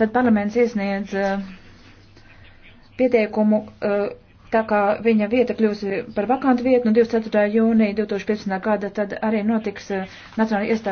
tad parlaments iesniedz eh, pieteikumu, eh, tā kā viņa vieta kļūsi par vakantu vietu, no 24. jūnija 2015. gada tad arī notiks eh, Nacionāla iestāde.